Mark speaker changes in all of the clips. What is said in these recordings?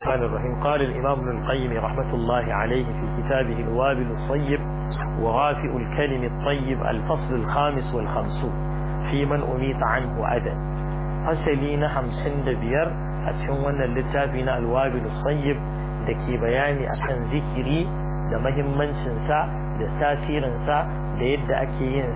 Speaker 1: الرحمن الرحيم قال الإمام ابن القيم رحمة الله عليه في كتابه الوابل الصيب وغافئ الكلم الطيب الفصل الخامس والخمسون في من أميت عنه أذى أسلين خمسين دبير أتشون لتابنا الوابل الصيب دكي بياني أكن ذكري da من سنسا tasirinsa da yadda ake yin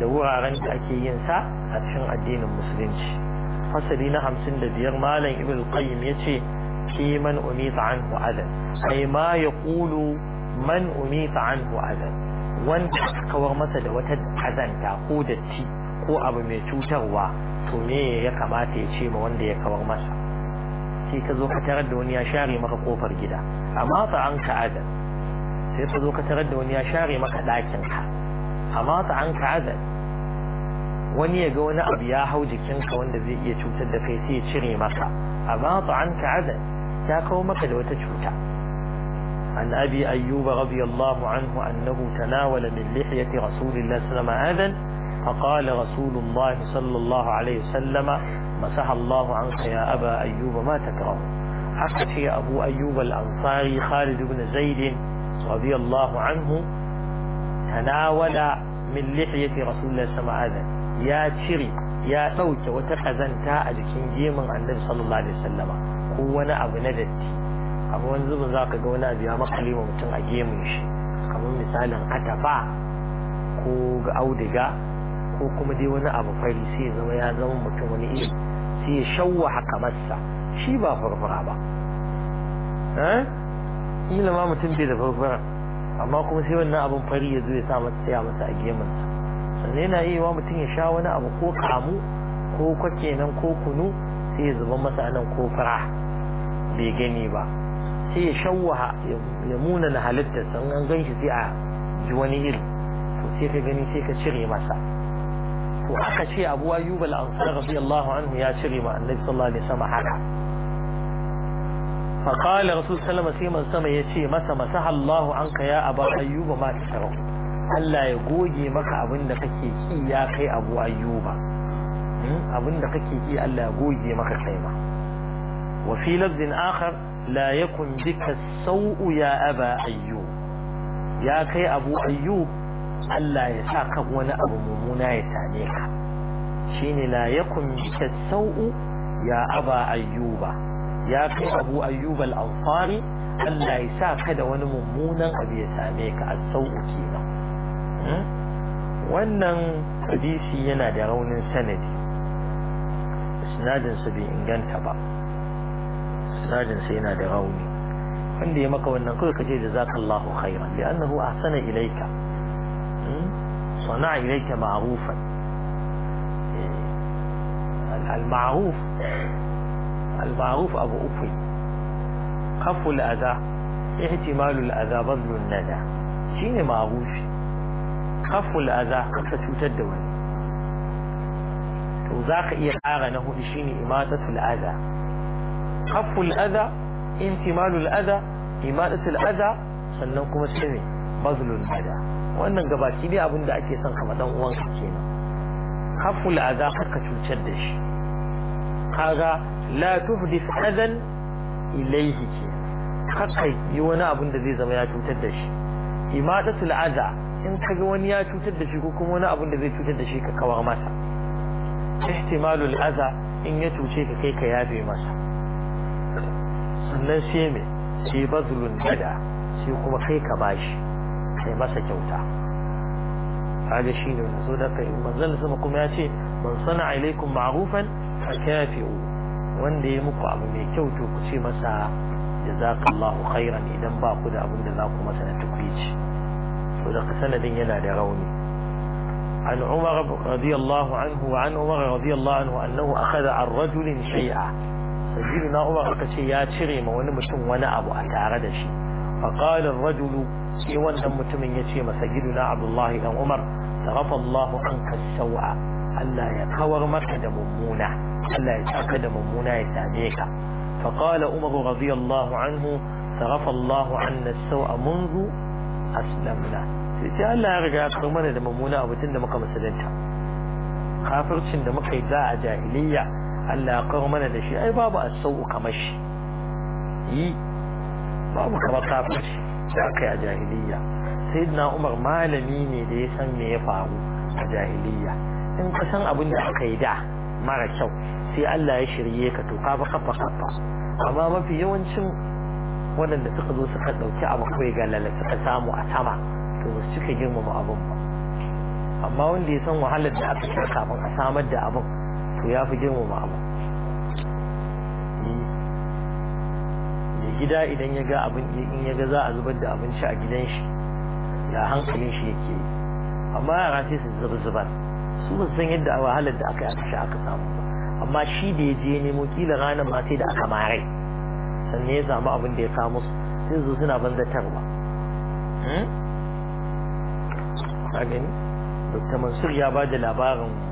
Speaker 1: دورا da wuraren da أتشون الدين المسلمش a cikin دبير مالا ابن القيم يتشي في من أميت عنه أذى أي ما يقول من أميت عنه أذى da wata kazanta ko datti ko abu mai cutarwa to me ya kamata ya ce ma wanda ya kawar masa sai ka zo ka tarar da wani ya maka kofar gida amma ta an ka sai ka zo ka tarar da wani ya maka amma an ka wani ya ga wani abu ya hau jikinka wanda zai iya cutar da kai sai ya cire maka amma ta an ka ta kawo وتجوتا عن أبي أيوب رضي الله عنه أنه تناول من لحية رسول الله صلى الله عليه وسلم فقال رسول الله صلى الله عليه وسلم مسح الله عنك يا أبا أيوب ما تكره حكت يا أبو أيوب الأنصاري خالد بن زيد رضي الله عنه تناول من لحية رسول الله صلى الله عليه وسلم يا تشري يا توت وتقزنتا الكنجي عن النبي صلى الله عليه وسلم ko wani abu na datti abu wani zubin za ka ga wani abu ya makale ma mutum a gemu shi kamar misalin atafa ko ga audiga ko kuma dai wani abu fari sai ya zama ya zama mutum wani iri sai ya shawwa haka masa shi ba furfura ba eh? kila ma mutum bai da furfura amma kuma sai wannan abin fari ya zo ya sa masa tsaya masa a gemunsa sannan yana iya wa mutum ya sha wani abu ko kamu ko kwakenan ko kunu sai ya zuba masa nan ko fara bai gani ba sai ya shawwaha ya muna na halitta san an gan shi sai a ji wani iri to sai ka gani sai ka cire masa to aka ce abu ayyub al rabi radiyallahu anhu ya cire ma annabi sallallahu alaihi sama haka fa qala rasul sallallahu alaihi wasallam sai sama yace masa masaha Allahu anka ya abu ayyub ma tasharu Allah ya goge maka abin da kake ki ya kai abu ayyuba hmm? abin da kake ki Allah ya goge maka kai ma وفي لفظ آخر لا يكن بك السوء يا أبا أيوب يا كي أبو أيوب ألا يساك ولا أبو ممونا يسانيك شين لا يكن بك السوء يا أبا أيوب يا كي أبو أيوب الأنصاري ألا يساك دون ممونا أبي يسانيك السوء كينا wannan hadisi yana da raunin sanadi isnadinsa bai inganta ba مساجن سينا sai عندي da rauni wanda ya maka wannan kawai ka ce صنع إليك معروفا المعروف المعروف أبو أفي خف الأذى احتمال الأذى بذل الندى شين معروف خف الأذى خفة تدوي وذاك إيقاغ نهو شين إماتة الأذى khafful adha intimalul adha imadatul adha sannan kuma sai ne bazlul wannan gabaki ne abin da ake son kama dan uwanka kenan khafful adha karka cutar da shi kaga la tuhdith adan ilayhi ke haka yi wani abin da zai zama ya cutar da shi imadatul adha in ga wani ya cutar da shi ko kuma wani abin da zai cutar da shi ka kawar masa ihtimalul adha in ya cuce ka kai ka yabe masa sannan sai me sai bazlun bada sai kuma kai ka bashi kai masa kyauta kaga shine wannan so da kai manzon sama kuma ya ce man sana ilaikum ma'rufan fa kafi'u wanda ya muku abu mai kyau to ku ce masa jazakallahu khairan idan ba ku da abin da za ku masa na tukwici so da ka sanadin yana da rauni عن عمر رضي الله عنه وعن عمر رضي الله عنه أنه أخذ عن رجل شيئا sajidu na umar aka ce ya cire ma wani mutum wani abu a tare da shi faƙalin rajulu sai wannan mutumin ya ce masa gidu na abdullahi dan umar sarrafa allahu an kasawa allah ya kawar maka da mummuna allah ya saka da mummuna ya same ka faƙala umar radiyallahu anhu sarrafa allahu an nasawa munzu aslamna sai ce allah ya riga ya kawar mana da mummuna abu tun da muka musulunta kafircin da muka yi za a jahiliya Allah ya kawo mana da shi ai babu asau kamar shi yi babu kamar shi da aka yi a jahiliya na Umar malami ne da ya san me ya faru a jahiliya in ka san abin da aka yi da mara kyau sai Allah ya shirye ka to ka ba kafa kafa amma mafi yawancin waɗanda suka zo suka ɗauki abu kawai ga suka samu a sama to ba su cika girmama abin ba amma wanda ya san wahalar da aka kira kafin a samar da abin to ya fi ma abu mai gida idan ya ga abin in ya ga za a zubar da abinci a gidan shi ya hankalin shi yake amma yara sai su zuba zubar su ba san yadda wahalar da aka aka aka samu amma shi da ya je nemo kila ranar ma sai da aka mare sannan ya samu abin da ya samu sai zo suna banzatarwa hmm? a gani dr mansur ya ba da labarin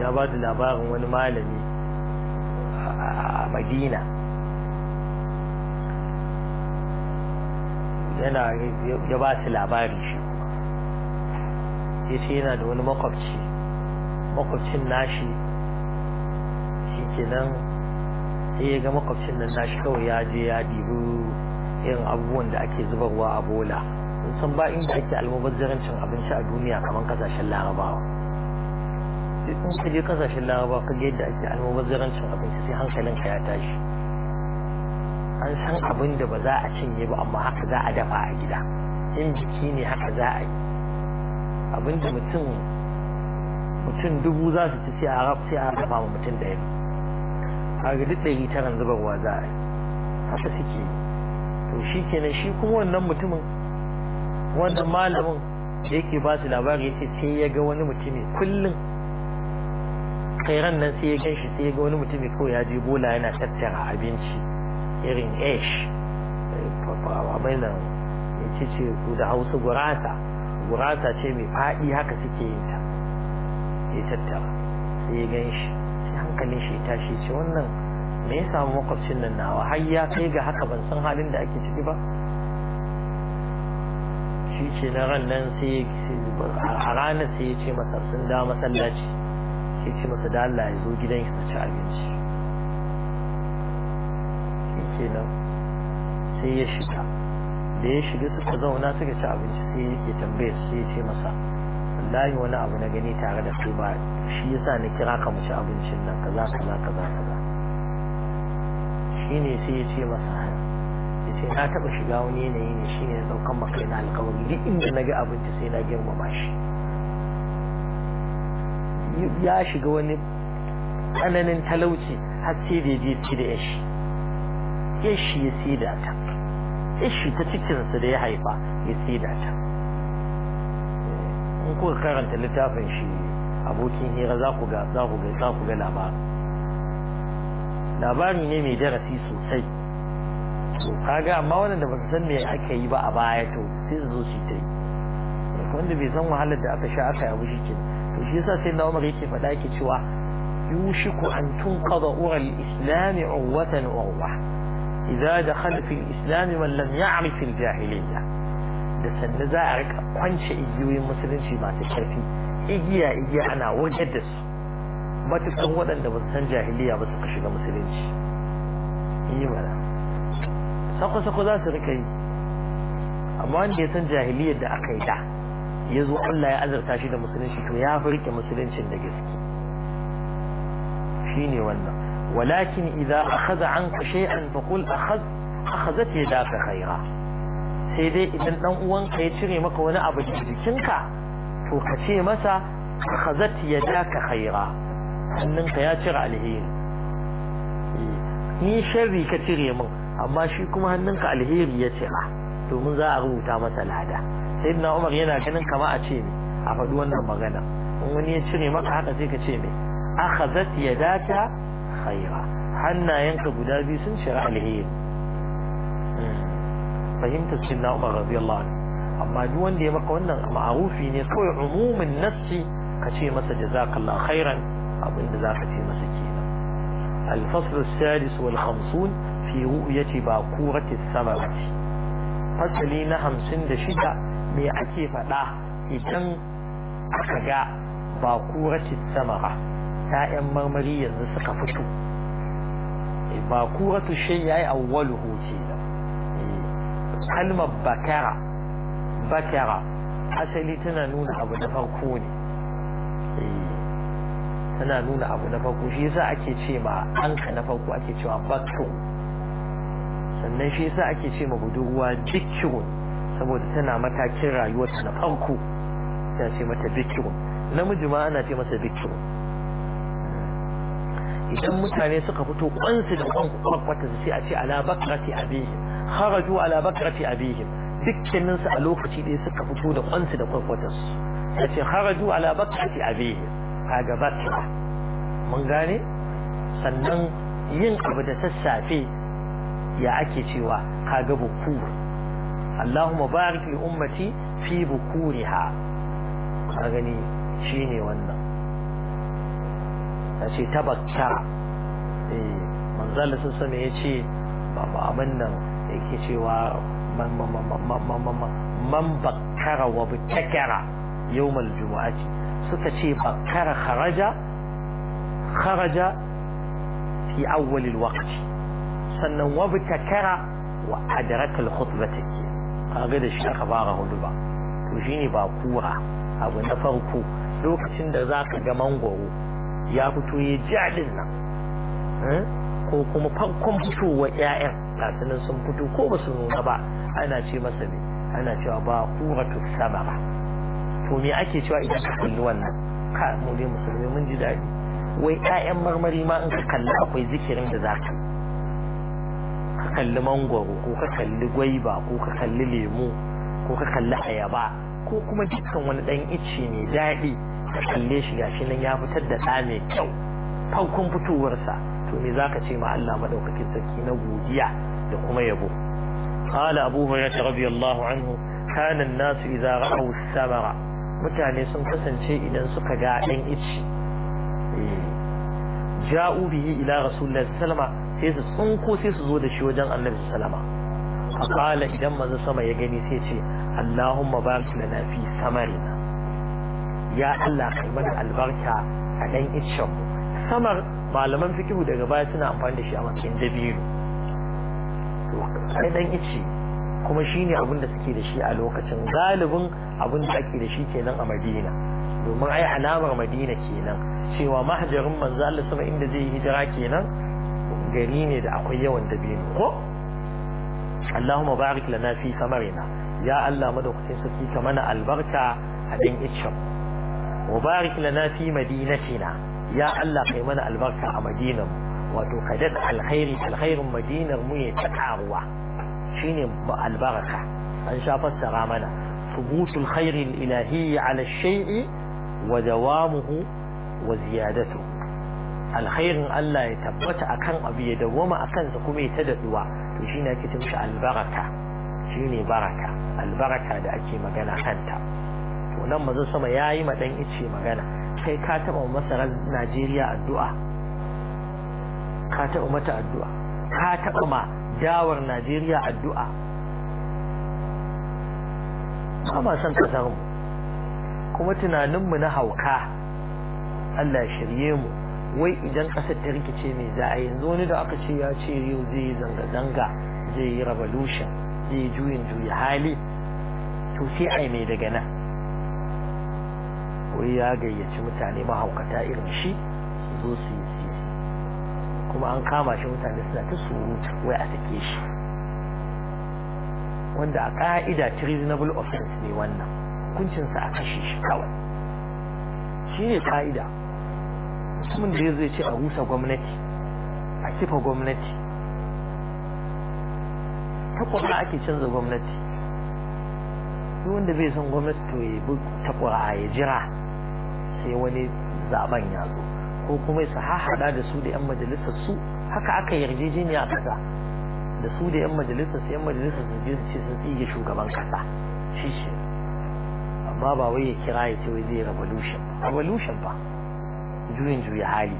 Speaker 1: ya ba da labarin wani malami a madina yana ya ba su labari shi ya yana da wani makwabci makwabcin nashi shi kenan sai ya ga makwabcin nan nashi kawai ya je ya dibi irin abubuwan da ake zubarwa a bola sun san ba inda ake almubazzarancin abinci a duniya kamar kasashen larabawa in ka je kasashen laraba ka yadda ake almubazzarancin abinci sai ka ya tashi an san abin da ba za a cinye ba amma haka za a dafa a gida in jiki ne haka za a yi abin da mutum mutum dubu za su ci sai a rafa sai a dafa ma mutum ɗaya a ga duk ɗari tara zubarwa za a yi haka suke to shi kenan shi kuma wannan mutumin wannan malamin da yake ba su labari ya ce sai ya ga wani mutumi kullum kai ran nan sai ya gan sai ya ga wani mutumi kawai ya je bola yana tattara abinci irin ash abin nan ya ce ce da hausa gurasa gurasa ce mai faɗi haka suke yin ta ya tattara sai ya gan sai hankalin shi tashi ce wannan me ya samu makwabcin nan nawa har ya kai ga haka ban san halin da ake ciki ba shi ce na ran nan sai a ranar sai ya ce masa sun da masallaci ya ce masa da Allah ya zo gidan ya ci abinci shi nan sai ya shiga da ya shiga suka zauna suka ci abinci sai yake tambaya sai ya ce masa wallahi wani abu na gani tare da kai ba shi yasa na kira ka mu ci abincin nan kaza kaza kaza kaza shine sai ya ce masa ya ce na taba shiga wani yanayi ne shine daukan maka na alƙawari duk inda na ga abinci sai na girmama shi ya shiga wani tsananin talauci har sai da je ci da yashi yashi ya da ta yashi ta cikinsa da ya haifa ya da ta in kuka karanta littafin shi abokin hira za ku ga za ku ga za ku ga labarin labari ne mai darasi sosai to kaga amma wanda ba su san me aka yi ba a baya to sai su zo su ta yi wanda bai san wahalar da aka sha aka yi abu shi kenan جيسا سيدنا عمر يتي فلايك تشوا يوشك أن تنقض أورى الإسلام عوة وروة إذا دخل في الإسلام من لم يعرف الجاهلية دس النزاع رك قنش إجيوي مسلم شما تشرفي إجيا إجيا أنا وجدس ما تتقوض أن دبسان جاهلية بس قشق مسلم شي إيه ملا سقو سقو ذا سركي أمان جيسان جاهلية دا أقيدا ya zo Allah ya azarta shi da musulunci to ya furke musuluncin da gaske Shi ne wannan walakin idan idza an anka shay'an fa qul akhadh da ka khaira sai dai idan dan uwanka ya cire maka wani abu da jikinka to ka ce masa da ka khaira hannunka ya cire alheri eh, ni sharri ka cire min amma shi kuma hannunka alheri ya cira domin za a rubuta masa lada sayyidina umar yana ganin kama a ce a faɗi wannan magana in wani ya cire maka haka sai ka ce me akhazat yadaka khaira hannayenka guda biyu sun shira alheri hmm. fahimta sayyidina umar radiyallahu anhu amma duk wanda ya maka wannan ma'arufi ne kawai umumin nassi ka ce masa jazakallahu khairan abinda zaka ce masa kenan الفصل السادس والخمسون في رؤية باكورة fasali na hamsin da shida. me ake faɗa idan aka ga ba kuratin samara ‘ya'yan marmari yanzu suka fito eh, ba kuratu shi ya yi awwalu hoce eh, da kalmar bakara bakara asali tana nuna abu na farko ne eh, tana nuna abu na farko shi yasa ake ce ma anka na farko ake cewa bakto sannan shi yasa ake ce ma budurwa dikirun saboda tana matakin rayuwarta na farko ya ce mata bikiru namiji ma ana ce masa bikiru idan mutane suka fito kwansu da kwan kwakwata su sai a ce ala bakrati abihim kharaju ala bakrati abihim dukkanin su a lokaci ɗaya suka fito da kwansu da kwakwata su ya ce kharaju ala bakrati abihim kaga bakra mun gane sannan yin abu da sassafe ya ake cewa kaga bukur اللهم بارك لأمتي في بكورها أغني شيني وانا أشي تبكى إيه من ظل سسمي يشي أمنا و من بكر وبتكر يوم الجمعة suka بكر خرج خرج في أول الوقت waqti sannan wabtakara wa kaga da shi aka fara hudu ba to shine ba kura abu na farko lokacin da za ka ga mangoro ya fito ya adin nan eh, ko kuma farkon fitowar 'ya'yan tasirin sun fito ko ba su nuna ba ana ce masa ne ana cewa ba kura sama ba to me ake cewa idan ka kalli wannan ka mu dai musulmi mun ji daɗi wai 'ya'yan marmari ma in ka kalli akwai zikirin da za ka yi kalli mangwaro ko ka kalli gwaiba ko ka kalli lemu ko ka kalli ayaba ko kuma dukkan wani ɗan ice mai daɗi ka kalle shi gashi nan ya fitar da ɗa mai kyau farkon fitowarsa to me zaka ce ma Allah madaukakin sarki na godiya da kuma yabo قال أبو هريرة رضي الله عنه كان الناس إذا رأوا الثمرة mutane sun kasance idan suka ga ɗan ici eh. ja'u bihi ila rasulullahi sallama sai su tsunko sai su zo da shi wajen annabi salama a kala idan manzo sama ya gani sai ce Allahumma barik na fi samarina ya Allah kai mana albarka a dan iccen samar malaman fikihu daga baya suna amfani da shi a matsayin dabiru A dan icce kuma ne abin da suke da shi a lokacin galibin abin da ake da shi kenan a Madina domin ai alamar Madina kenan cewa mahjarin manzo sama inda zai yi hijira kenan gari ne da akwai yawan dabino ko Allahumma barik lana fi samarina ya Allah madaukakin sarki ka mana albarka a din iccen wa barik lana fi madinatina ya Allah kai mana albarka a madinan wato kadad alkhairi alkhairu madinar mu ya ta karuwa shine albarka an sha fassara mana thubutul khairi ilahi ala shay'i wa dawamuhu wa ziyadatuhu alkhairin Allah ya tabbata akan abu ya dawoma akan sa kuma ya ta daduwa to shine ake ce mishi albaraka shine baraka albaraka da ake magana kanta to nan mazo sama yayi ma dan ice magana kai ka taba masarar Najeriya addu'a ka taba mata addu'a ka taba ma dawar Najeriya addu'a ba san kasar mu kuma tunaninmu na hauka Allah ya shirye mu wai idan kasar ta rikice mai za a yanzu wani da aka ce ya ce yau zai yi zanga-zanga zai yi revolution zai yi juyin juyi hali to sai a mai daga nan wai ya gayyaci mutane mahaukata irin shi su zo su yi kuma an kama shi mutane suna ta surutu wai a sake shi wanda a ka'ida treasonable offense ne wannan hukuncinsa a kashe shi kawai shi ne ka'ida mutumin da ya zai ce a rusa gwamnati a kifa gwamnati ta ake canza gwamnati duk wanda bai san gwamnati to ya bi ta ya jira sai wani zaben ya zo ko kuma su hahada da su da 'yan majalisar su haka aka yarjejeniya a kasa da su da 'yan majalisar su 'yan majalisar su je su ce sun tsige shugaban kasa shi shi amma ba wai ya kira ya ce wai zai revolution revolution ba juyin juya hali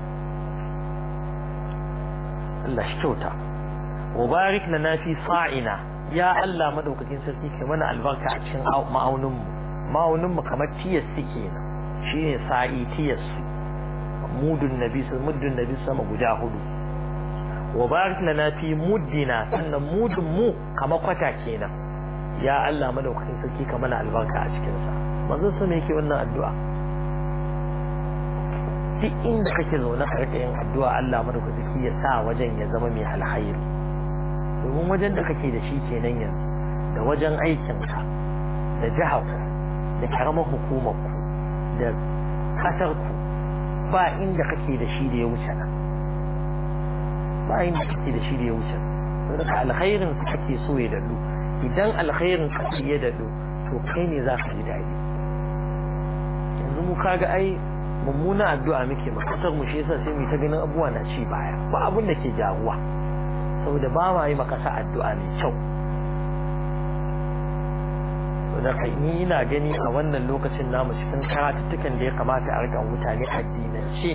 Speaker 1: Allah shi kyauta wa na lana fi sa'ina ya Allah madaukakin sarki kai mana albarka a cikin ma'aunin mu ma'aunin mu kamar tiyas suke na shine sa'i tiyas mudun nabi muddun nabi sama guda hudu wa na lana fi muddina sannan mudun mu kamar kwata kenan ya Allah madaukakin sarki kai mana albarka a cikin sa manzon sa me yake wannan addu'a duk inda kake zaune ka rika yin addu'a Allah madaukaki ya sa wajen ya zama mai alhairi domin wajen da kake da shi kenan yanzu da wajen aikinka da jihar ku da karamar hukumar ku da kasar ku ba inda kake da shi da ya wuce nan ba inda kake da shi da ya wuce nan saboda alkhairin ka kake so ya dadu idan alkhairin ka ya dadu to kai ne za ka ji daɗi yanzu mu kaga ai mummuna addu'a muke ma kasar mu shi yasa sai mu ta ganin abubuwa na ci baya ba abin da ke jaruwa saboda ba ma yi ma addu'a mai kyau da kai ni ina gani a wannan lokacin namu cikin karatuttukan da ya kamata a rika mutane addinance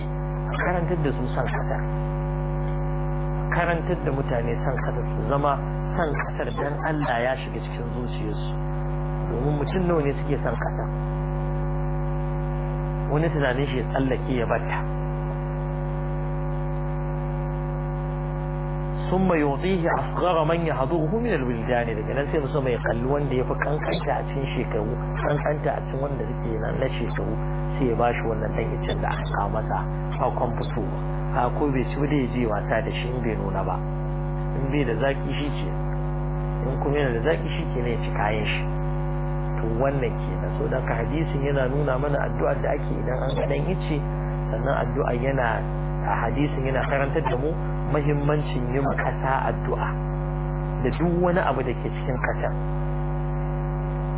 Speaker 1: a karantar da su san kasa karantar da mutane san kasa su zama san kasar dan Allah ya shiga cikin zuciyarsu domin mutum nawa ne suke san kasa wani tunanin shi ya tsallake ya bata summa yutihi asghara man yahduruhu min ne daga nan sai musu mai kalli wanda yafi kankanta a cikin shekaru kankanta a cikin wanda suke nan na shekaru sai ya bashi wannan dan icen da aka kawo masa farkon fitowa ha ko bai ci da je wasa da shi in bai nuna ba in bai da zaki shi ce in kuma yana da zaki shi ke ne ya ci kayan shi to wannan kenan so dan ka hadisin yana nuna mana addu'a da ake idan an ga dan yace sannan addu'a yana a hadisin yana karantar da mu muhimmancin yin kasa addu'a da duk wani abu da ke cikin kasar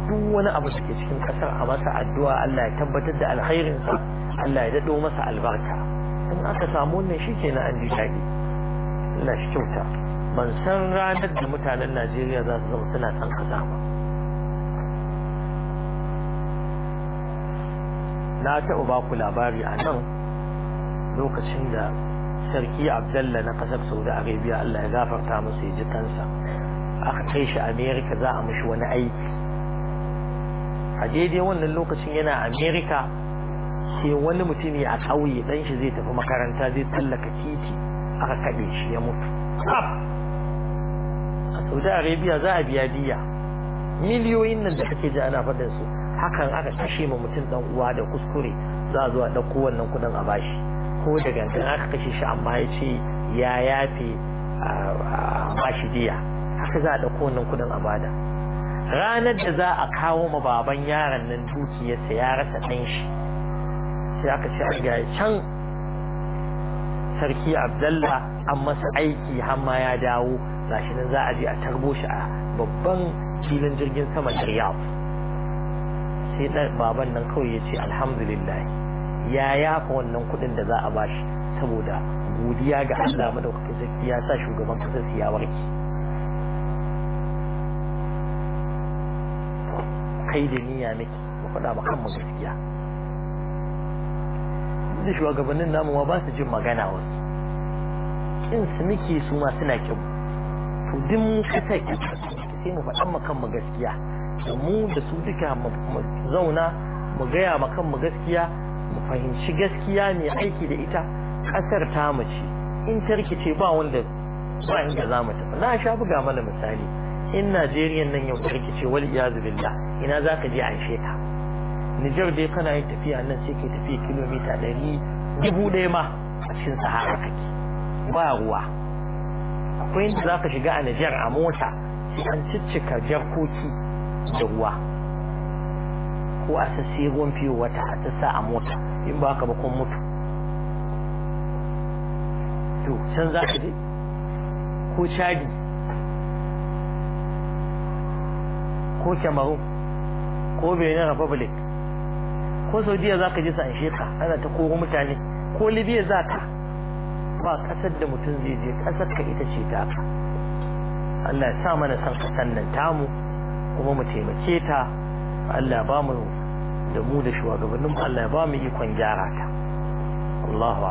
Speaker 1: duk wani abu da ke cikin kasar a masa addu'a Allah ya tabbatar da alkhairinsa Allah ya dado masa albarka in aka samu wannan shikenan an ji daɗi Allah shi kyauta ban san ranar da mutanen Najeriya za su zama suna san kasa ba na taɓa ba ku labari a nan lokacin da sarki abdalla na ƙasar saudi arabia allah ya gafarta masa ya ji kansa aka kai shi america za a mashi wani aiki a daidai wannan lokacin yana america sai wani mutumi a ƙauye ɗan shi zai tafi makaranta zai tallaka titi aka kaɗe shi ya mutu a saudi arabia za a biya biya miliyoyin nan da kake ji ana faɗin su hakan aka kashe ma mutum dan uwa da kuskure za a zo a ɗauko wannan kuɗin a bashi ko da gangan aka kashe shi amma ya ce ya yafe a bashi diya haka za a ɗauko wannan kuɗin a bada ranar da za a kawo ma baban yaron nan dukiyarsa ya rasa ɗan shi sai aka ce an gaya can sarki abdallah an masa aiki hamma ya dawo gashi nan za a je a tarbo shi a babban filin jirgin sama da riyadh sai dan baban nan kawai ya ce alhamdulillah ya yafa wannan kuɗin da za a bashi saboda godiya ga Allah madaukakin sarki ya sa shugaban kasar ya warke kai da niyya miki mu faɗa ma kanmu gaskiya da shugabannin namu ma ba su jin magana wasu kin su miki su ma suna kyau to duk mun kasa sai mu faɗa ma kanmu gaskiya da mu da su duka mu zauna mu gaya ma kanmu gaskiya mu fahimci gaskiya ne aiki da ita kasar ta mu ce in tarkice ba wanda ba inda za mu tafi na sha buga mana misali in Najeriya nan yau tarkice wal iyazu billah ina za ka je an ka Nijar dai kana yin tafiya nan sai ke tafi kilomita ɗari dubu ɗaya ma a cikin sahara kake ba ruwa akwai inda za ka shiga a Nijar a mota sai an ciccika jarkoki da ruwa ko a sassi ruwan fiye wata a sa a mota in ba ka ba mutu to can za ka je ko shadi ko kyamaru ko benin republic ko saudiya za ka ji sa sheka ana ta koro mutane ko libya za ka ba kasar da mutum zai je kasar ka ita ce ta Allah ya sa mana san kasan nan tamu kuma mu taimake ta Allah ba mu da mu da shugabannin Allah ba mu ikon gyara ta Allahu